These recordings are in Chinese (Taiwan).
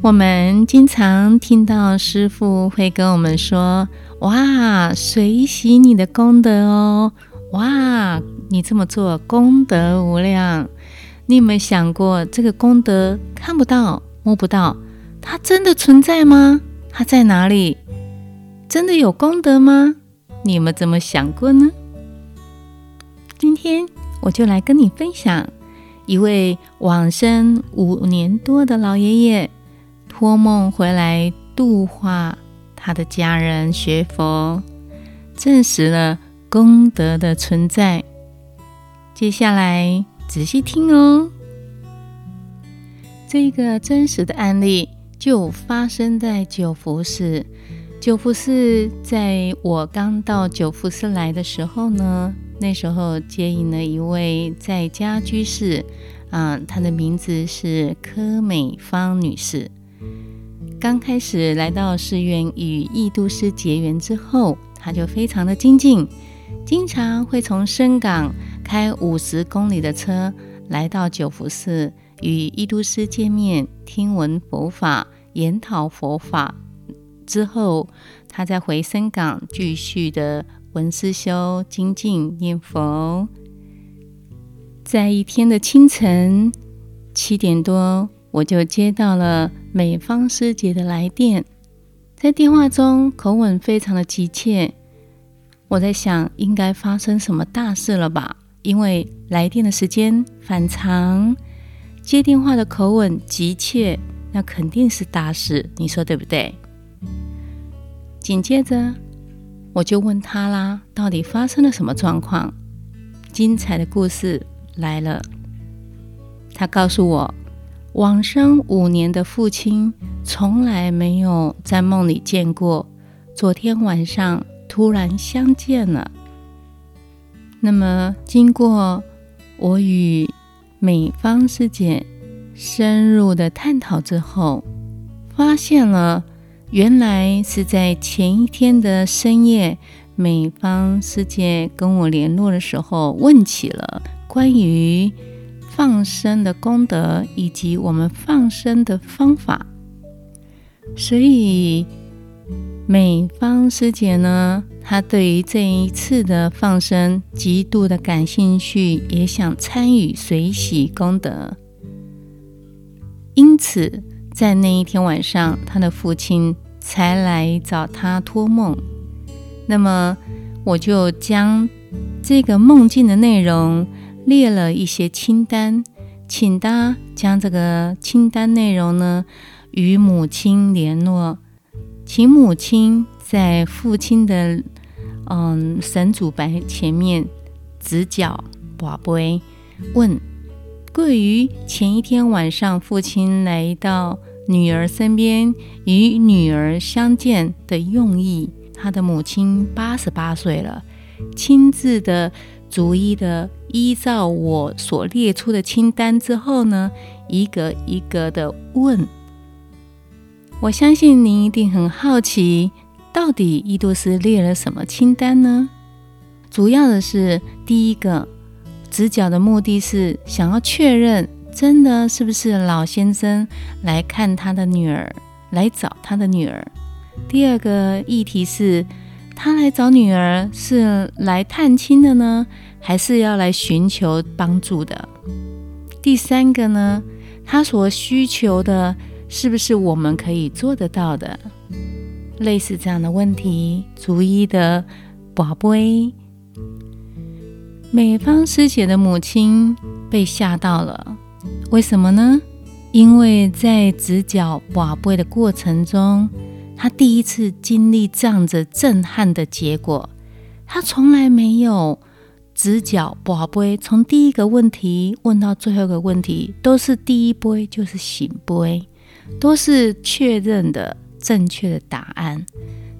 我們經常聽到師父會跟我們說：“哇，隨喜你的功德哦！哇，你這麼做功德無量。”你有沒有想過，這個功德看不到、摸不到，它真的存在嗎？它在哪裡？真的有功德嗎？你們怎麼想過呢？今天我就來跟你分享一位往生五年多的老爺爺。托夢回來度化他的家人學佛，證實了功德的存在。接下來仔細聽哦，這個真實的案例就發生在九福寺。九福寺在我剛到九福寺來的時候呢，那時候接引了一位在家居士，啊、呃，她的名字是柯美芳女士。剛開始來到寺院與易都師結緣之後，他就非常的精進，經常會從深港開五十公里的車來到九福寺與易都師見面，聽聞佛法、研討佛法。之後，他再回深港繼續的聞思修、精進念佛。在一天的清晨七點多，我就接到了。美方師姐的來電，在電話中口吻非常的急切。我在想，應該發生什麼大事了吧？因為來電的時間反常，接電話的口吻急切，那肯定是大事，你說對不對？緊接着，我就問他啦，到底發生了什麼狀況？精彩的故事來了，他告訴我。往生五年的父親從來沒有在夢裡見過，昨天晚上突然相見了。那麼，經過我與美方師姐深入的探討之後，發現了原來是在前一天的深夜，美方師姐跟我聯絡的時候問起了關於。放生的功德以及我們放生的方法，所以美方師姐呢，她對於這一次的放生極度的感興趣，也想參與隨喜功德。因此，在那一天晚上，她的父親才來找她托夢。那麼，我就將這個夢境的內容。列了一些清單，請他將這個清單內容呢，與母親聯絡，請母親在父親的嗯神主牌前面擲筊。跋杯問，關於前一天晚上父親來到女兒身邊與女兒相見的用意。他的母親八十八歲了，親自的。逐一的依照我所列出的清單之後呢，一個一個的問。我相信您一定很好奇，到底伊度斯列了什麼清單呢？主要的是第一個，直角的目的是想要確認，真的是不是老先生來看他的女兒，來找他的女兒。第二個議題是。他來找女兒是來探親的呢，還是要來尋求幫助的？第三個呢，他所需求的是不是我們可以做得到的？類似這樣的問題，逐一的跋杯。美芳師姐的母親被嚇到了，為什麼呢？因為在擲筊跋杯的過程中。他第一次經歷這樣子震撼的結果，他從來沒有擲筊、不杯，從第一個問題問到最後一個問題，都是第一杯就是醒杯，都是確認的正確的答案，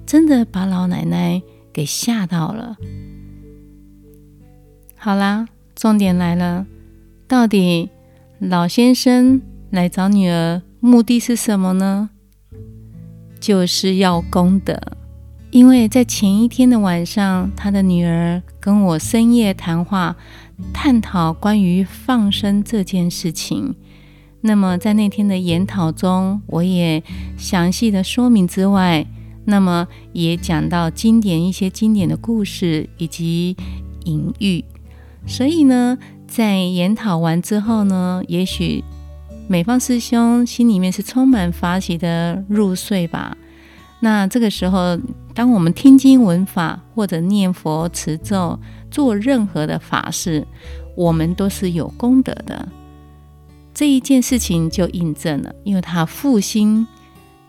真的把老奶奶給嚇到了。好啦，重點來了，到底老先生來找女兒目的是什麼呢？就是要功德，因為在前一天的晚上，他的女兒跟我深夜談話，探討關於放生這件事情。那麼在那天的研討中，我也詳細的說明之外，那麼也講到經典一些經典的故事以及隱喻。所以呢，在研討完之後呢，也許。美方師兄心裡面是充滿法喜的入睡吧？那這個時候，當我們聽經聞法或者念佛持咒、做任何的法事，我們都是有功德的。這一件事情就印證了，因為他父親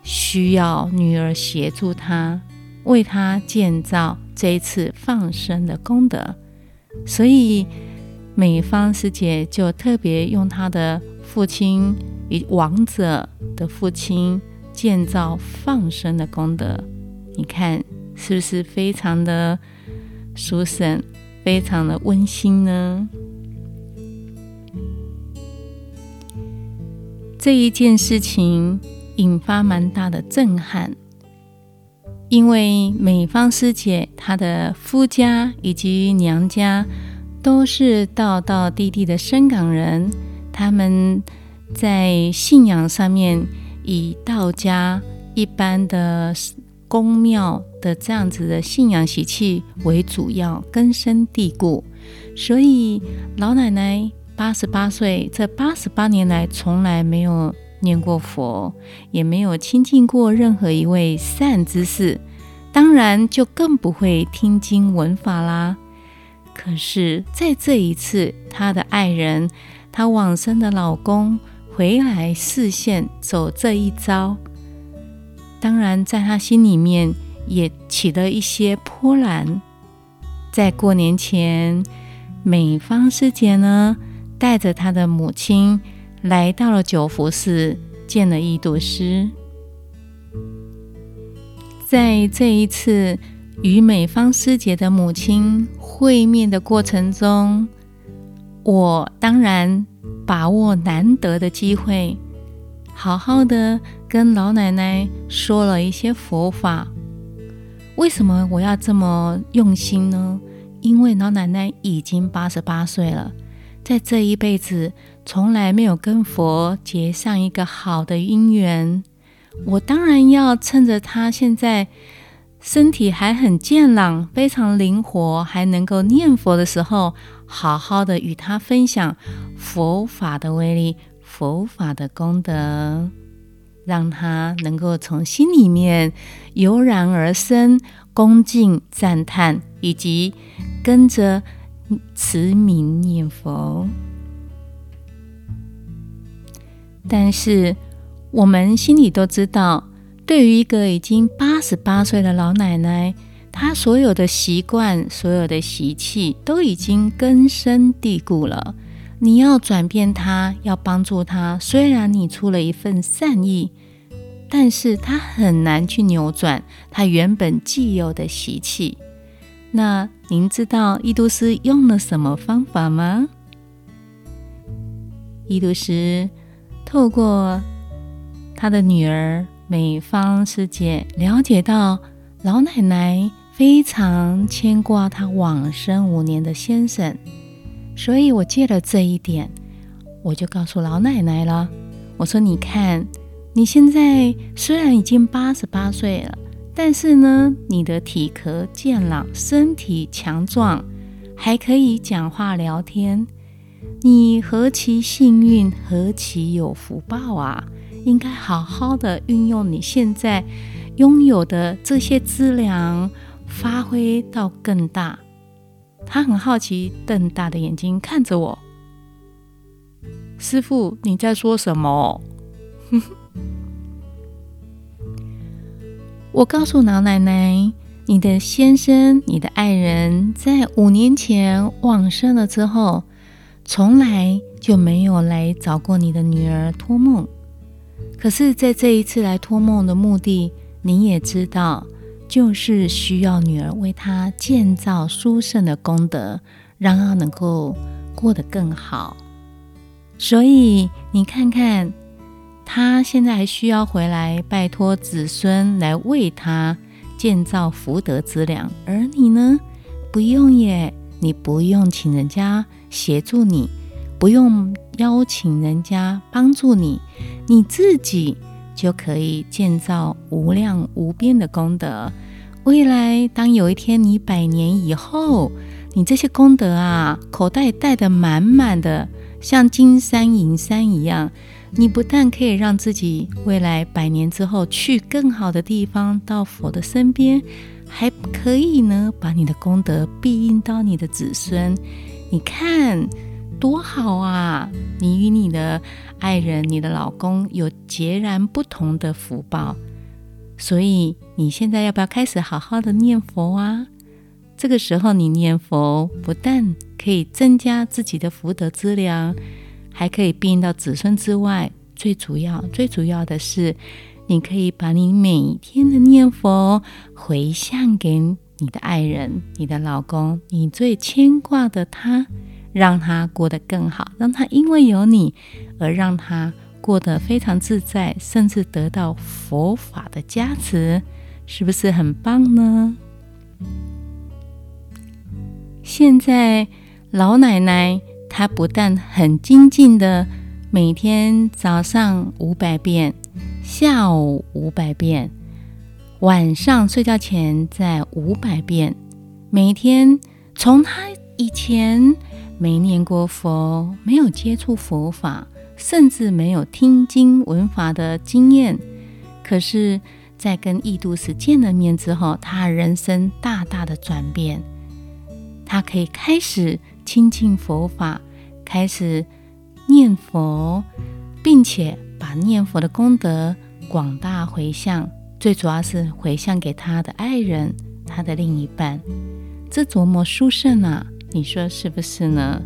需要女兒協助他，為他建造這一次放生的功德，所以美方師姐就特別用她的。父親與亡者的父親建造放生的功德，你看是不是非常的殊勝，非常的溫馨呢？這一件事情引發蠻大的震撼，因為美芳師姐她的夫家以及娘家都是道道地地的深港人。他們在信仰上面以道家一般的宮廟的這樣子的信仰習氣為主要，根深蒂固。所以老奶奶八十八歲，這八十八年來從來沒有念過佛，也沒有親近過任何一位善知識，當然就更不會聽經聞法啦。可是在這一次，他的愛人。她往生的老公回來視線走這一遭，當然在她心裡面也起了一些波瀾。在過年前，美方師姐呢帶着她的母親來到了九福寺見了義度師。在這一次與美方師姐的母親會面的過程中，我當然把握難得的機會，好好的跟老奶奶說了一些佛法。為什麼我要這麼用心呢？因為老奶奶已經八十八歲了，在這一輩子從來沒有跟佛結上一個好的因緣。我當然要趁着她現在身體還很健朗、非常靈活，還能夠念佛的時候。好好的與他分享佛法的威力、佛法的功德，讓他能夠從心裡面油然而生恭敬、讚嘆，以及跟着慈憫念佛。但是我們心裡都知道，對於一個已經八十八歲的老奶奶。他所有的習慣、所有的習氣都已經根深蒂固了。你要轉變他，要幫助他，雖然你出了一份善意，但是他很難去扭轉他原本既有的習氣。那您知道伊都斯用了什麼方法嗎？伊都斯透過他的女兒美芳師姐了解到老奶奶，非常牽掛他往生五年的先生，所以我借了這一點，我就告訴老奶奶了。我說：“你看，你現在雖然已經八十八歲了，但是呢，你的體格健朗，身體強壯，還可以講話聊天。你何其幸運，何其有福報啊！應該好好的運用你現在擁有的這些資糧。”發揮到更大，他很好奇，瞪大的眼睛看着我。師父，你在說什麼？ 我告訴老奶奶，你的先生，你的愛人，在五年前往生了之後，從來就沒有來找過你的女兒托夢。可是，在這一次來托夢的目的，你也知道。就是需要女兒為他建造殊勝的功德，讓他能夠過得更好。所以你看看，他現在還需要回來拜托子孫來為他建造福德資糧，而你呢，不用耶，你不用請人家協助你，不用邀請人家幫助你，你自己。就可以建造無量無邊的功德。未來，當有一天你百年以後，你這些功德啊，口袋帶得滿滿的，像金山銀山一樣，你不但可以讓自己未來百年之後去更好的地方，到佛的身邊，還可以呢，把你的功德庇蔭到你的子孫。你看。多好啊！你與你的愛人、你的老公有截然不同的福報，所以你現在要不要開始好好的念佛啊？這個時候你念佛，不但可以增加自己的福德資糧，還可以庇蔭到子孫之外。最主要、最主要的是，你可以把你每一天的念佛回向給你的愛人、你的老公、你最牽掛的他。讓他過得更好，讓他因為有你而讓他過得非常自在，甚至得到佛法的加持，是不是很棒呢？現在老奶奶她不但很精進的每天早上五百遍，下午五百遍，晚上睡覺前再五百遍，每天從她以前。沒念過佛，沒有接觸佛法，甚至沒有聽經聞法的經驗。可是，在跟義度師見了面之後，他人生大大的轉變。他可以開始親近佛法，開始念佛，並且把念佛的功德廣大回向，最主要是回向給他的愛人，他的另一半。這琢磨殊勝啊！你說是不是呢？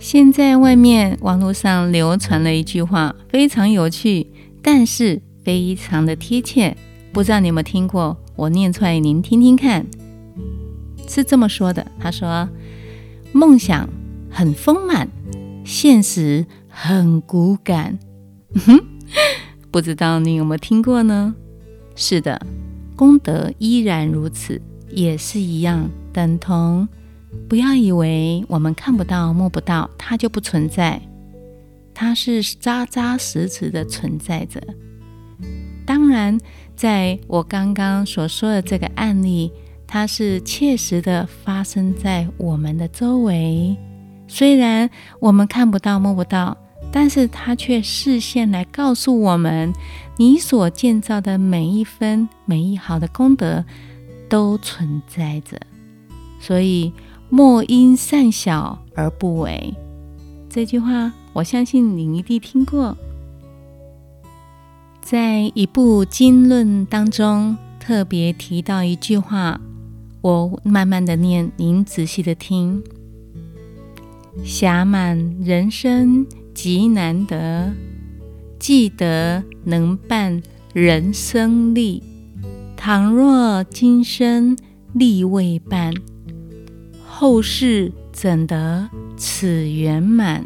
現在外面網絡上流傳了一句話，非常有趣，但是非常的貼切。不知道你有沒有聽過？我念出來，您聽聽看，是這麼說的：他說，夢想很豐滿，現實很骨感。嗯哼，不知道你有沒有聽過呢？是的，功德依然如此。也是一樣，等同。不要以為我們看不到、摸不到，它就不存在。它是扎扎實實實的存在着。當然，在我剛剛所說的這個案例，它是切實的發生在我們的周圍。雖然我們看不到、摸不到，但是它卻示現來告訴我們：你所建造的每一分、每一毫的功德。都存在着，所以莫因善小而不為。這句話，我相信你一定聽過。在一部經論當中，特別提到一句話，我慢慢的念，您仔細的聽：暇滿人生極難得，既得能辦人生利。倘若今生力未辦，後世怎得此圓滿？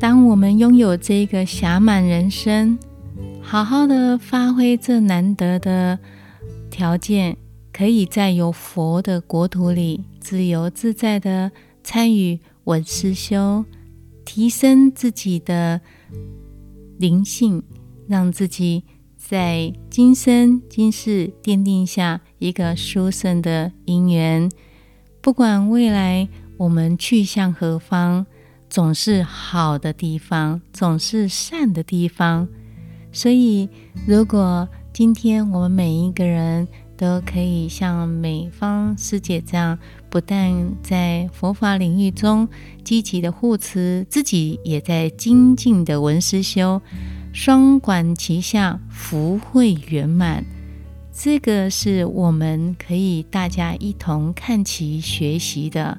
當我們擁有這個暇滿人生，好好的發揮這難得的條件，可以在有佛的國土裡自由自在的參與聞思修，提升自己的靈性，讓自己。在今生今世奠定下一個殊勝的因緣，不管未來我們去向何方，總是好的地方，總是善的地方。所以，如果今天我們每一個人都可以像美方師姐這樣，不但在佛法領域中積極的護持，自己也在精進的聞思修。雙管齊下，福慧圓滿，這個是我們可以大家一同看齊學習的。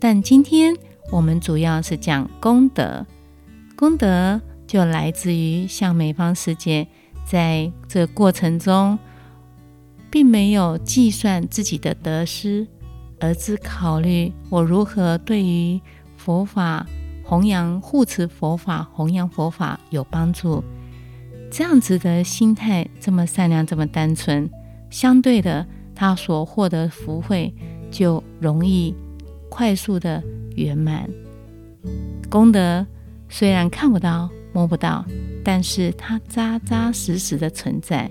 但今天我們主要是講功德，功德就來自於像美方世界，在這過程中，並沒有計算自己的得失，而是考慮我如何對於佛法。弘揚護持佛法，弘揚佛法有幫助。這樣子的心態，這麼善良，這麼單純，相對的，他所獲得福慧就容易快速的圓滿。功德雖然看不到、摸不到，但是它扎扎實實的存在。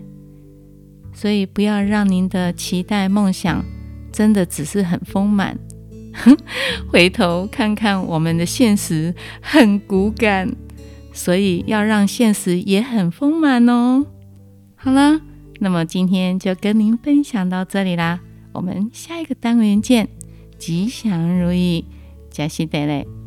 所以，不要讓您的期待、夢想真的只是很豐滿。 回頭看看我們的現實很骨感，所以要讓現實也很豐滿哦。好了，那麼今天就跟您分享到這裡啦，我們下一個單元見，吉祥如意，扎西德勒。